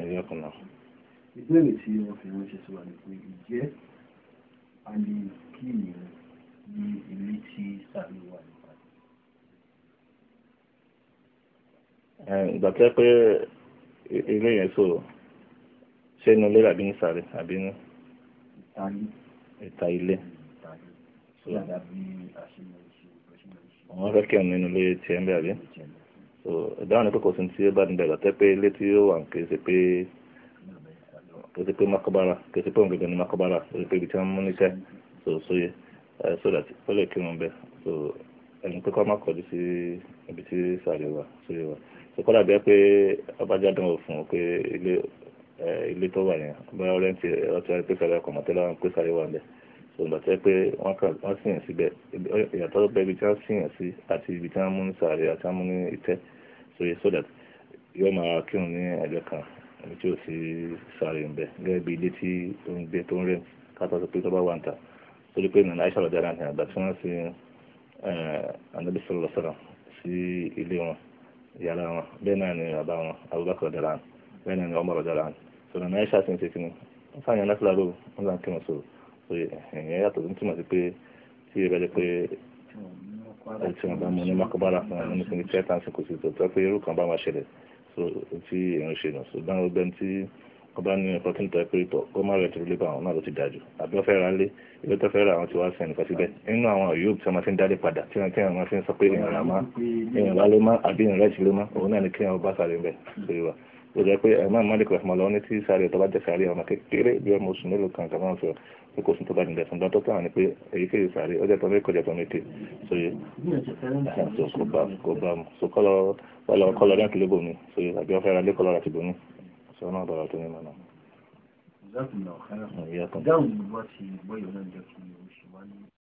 ẹ̀yọ́ kan náà. ìbéèrè tí wọ́n fi ránṣẹ́ sí wa ni pé ìjẹ́ a lè kí ìyẹn ní ilé tí sáré wà nípa. ìgbà tẹ́ pé ilé yẹn sòrò ṣé inú ilé àbí ní sáré àbí ní. ìta ilé. wọ́n fẹ́ kí ọ̀nà inú ilé tiẹ̀ ń bẹ̀ àbí so ìdáhùn ní pé kò sí tí ó bá ní dàgbà tẹ́ pé ilé tí ó wà kì í ṣe pé kì í ṣe pé makobara kì pé òun ní makobara kì pé ibi tí wọ́n mú níṣẹ́ so sóye uh, so that ó lè kírun bẹ́ẹ̀ so ẹni pé kọ́ má kọjú sí ibi tí sàrè wà sóye wà so kọ́dà bẹ́ẹ̀ pé ọbàjáde ò fún un pé ilé uh, ilé tó wà yẹn bóyá ọ̀rẹ́ntì ọtí wáyé pé sàrè ọkọ̀ mọ̀tẹ́lá pé sàrè wà bẹ́ẹ̀ so tẹ́ pé wọ́n sìn síbẹ̀ ìyàtọ̀ ibi tí wọ́n sìn sí àti ibi tí wọ́n mú ní àti so that yóò máa kírun ní kan ibi tí ò sí sàárè ń gẹ́gẹ́ bí ilé tí ó ń gbé tó ń rẹ̀ kátó sọ pé tó bá wà anabi sọ̀rọ̀ si sí ilé wọn yàrá wọn bẹ́ẹ̀ náà ni bàbá wọn abubakar ọ̀dà láàánú bẹ́ẹ̀ náà ni ọmọ ọ̀dà aisha sì ń ṣe wọ́n sàn pé ẹ̀yìn yàtọ̀ tó ń túmọ̀ sí pé tí ẹ bá jẹ́ pé ẹni tí wọ́n bá mú ní makabara fún wọn ní kíni tíátà kò sí tó tó pé irú kan bá máa ṣẹlẹ̀ so tí èèyàn ṣe nù ṣùgbọ́n ọgbẹ́ni tí wọ́n bá ní ẹ̀kọ́ tí ń tọ́ ẹ pé ìtọ̀ gọ́mà rẹ̀ tìrú lébà àwọn náà ló ti dájú àbí wọ́n fẹ́ ra lé ilé tó fẹ́ ra àwọn tí wọ́n á sẹ́yìn nìkan síbẹ̀ nínú àwọn yóò tí wọ́n máa fi ń dálé padà tí wọ́n máa fi ń sọ pé èèyàn rà má èèyàn rà lé má àbí èèyàn rẹ̀ ṣe lé má òun náà ni kí wọ́n bá sáré bẹ́ẹ̀ ó jẹ́ pé ẹ̀mọ́ eh, malik rahman lọ ní tí sáré ọ̀tọ́ bá jẹ́ sáré ọmọ kékeré bí ọmọ oṣù mélòó kan sàmọ́ sọ pé kò sí tó bá nílẹ̀ ṣùgbọ́n dókítà ní pé èyíkéyìí sáré ó jẹ́ tọ́ mẹ́kọ̀ọ́ jẹ́ tọ́ mẹ́tẹ́ sóye so kò bá kò bá so kọ́lọ́ wàlọ́ kọ́lọ́ ní àtìlẹ́gbò mi sóye àbí ọ̀fẹ́ ralé kọ́lọ́ àti bòmí sọ náà bàrà tó ní mọ̀ náà.